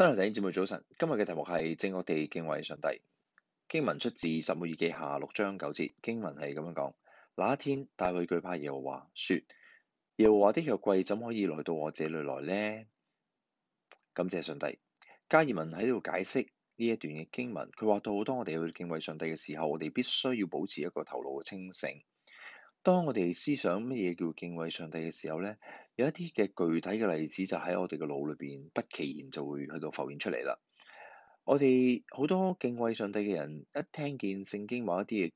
新台電影節目早晨，今日嘅題目係正確地敬畏上帝。經文出自《撒母耳記》下六章九節，經文係咁樣講：那一天大衛懼怕耶和華，說：耶和華的約櫃，怎可以來到我這裏來呢？感謝上帝。加爾文喺度解釋呢一段嘅經文，佢話到：當我哋去敬畏上帝嘅時候，我哋必須要保持一個頭腦嘅清醒。當我哋思想乜嘢叫敬畏上帝嘅時候呢，有一啲嘅具體嘅例子就喺我哋嘅腦裏邊不其然就會去到浮現出嚟啦。我哋好多敬畏上帝嘅人一聽見聖經話一啲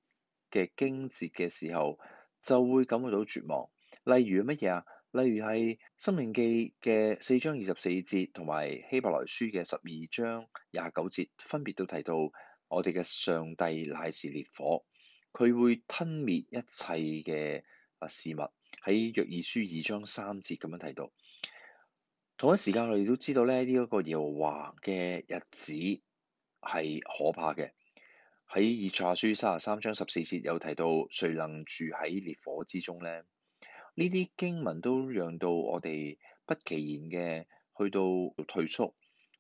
嘅嘅經節嘅時候，就會感覺到絕望。例如乜嘢啊？例如係《申命記》嘅四章二十四節，同埋《希伯來書》嘅十二章廿九節，分別都提到我哋嘅上帝乃是烈火。佢會吞滅一切嘅啊事物，喺約珥書二章三節咁樣提到。同一時間，我哋都知道咧，呢、這、一個耶和華嘅日子係可怕嘅。喺以賽亞書三十三章十四節有提到，誰能住喺烈火之中咧？呢啲經文都讓到我哋不其然嘅去到退縮。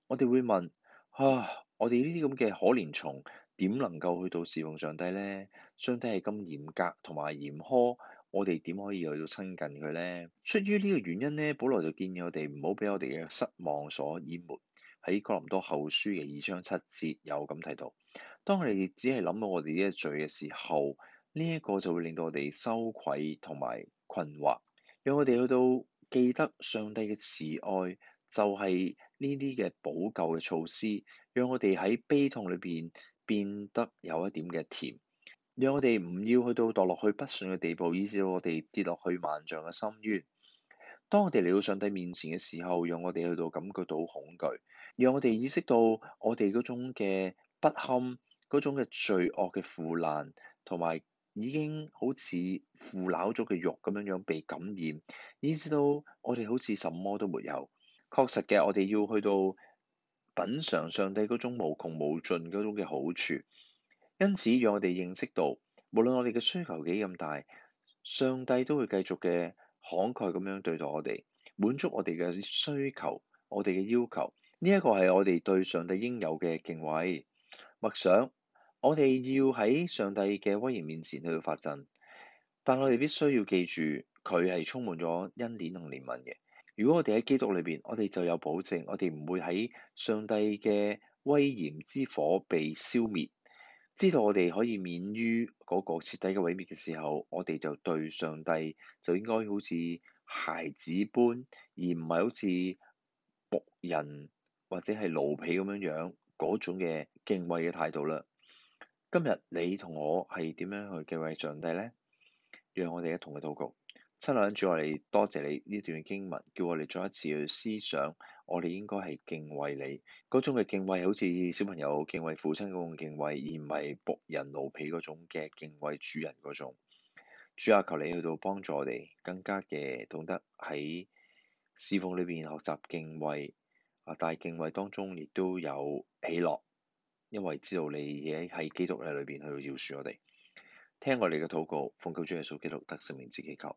我哋會問：啊，我哋呢啲咁嘅可憐蟲？點能夠去到侍奉上帝呢？上帝係咁嚴格同埋嚴苛，我哋點可以去到親近佢呢？出於呢個原因呢，保羅就建議我哋唔好俾我哋嘅失望所淹沒。喺哥林多後書嘅二章七節有咁提到，當我哋只係諗到我哋呢一罪嘅時候，呢一個就會令到我哋羞愧同埋困惑，讓我哋去到記得上帝嘅慈愛就係呢啲嘅補救嘅措施，讓我哋喺悲痛裏邊。變得有一點嘅甜，讓我哋唔要去到墮落去不順嘅地步，以至到我哋跌落去萬丈嘅深淵。當我哋嚟到上帝面前嘅時候，讓我哋去到感覺到恐懼，讓我哋意識到我哋嗰種嘅不堪，嗰種嘅罪惡嘅腐爛，同埋已經好似腐朽咗嘅肉咁樣樣被感染，以至到我哋好似什麼都沒有。確實嘅，我哋要去到。品嚐上帝嗰種無窮無盡嗰種嘅好處，因此讓我哋認識到，無論我哋嘅需求幾咁大，上帝都會繼續嘅慷慨咁樣對待我哋，滿足我哋嘅需求、我哋嘅要求。呢一個係我哋對上帝應有嘅敬畏。默想，我哋要喺上帝嘅威嚴面前去發震，但我哋必須要記住，佢係充滿咗恩典同憐憫嘅。如果我哋喺基督裏邊，我哋就有保證，我哋唔會喺上帝嘅威嚴之火被消滅。知道我哋可以免於嗰個徹底嘅毀滅嘅時候，我哋就對上帝就應該好似孩子般，而唔係好似僕人或者係奴婢咁樣樣嗰種嘅敬畏嘅態度啦。今日你同我係點樣去敬畏上帝呢？讓我哋一同去禱告。親愛嘅主，我哋多謝你呢段經文，叫我哋再一次去思想，我哋應該係敬畏你嗰種嘅敬畏，好似小朋友敬畏父親咁樣敬畏，而唔係僕人奴婢嗰種嘅敬畏主人嗰種。主啊，求你去到幫助我哋，更加嘅懂得喺侍奉裏邊學習敬畏。啊，但係敬畏當中亦都有喜樂，因為知道你嘢喺基督裏邊去到饒恕我哋。聽我哋嘅禱告，奉求主耶穌基督得勝名字祈求。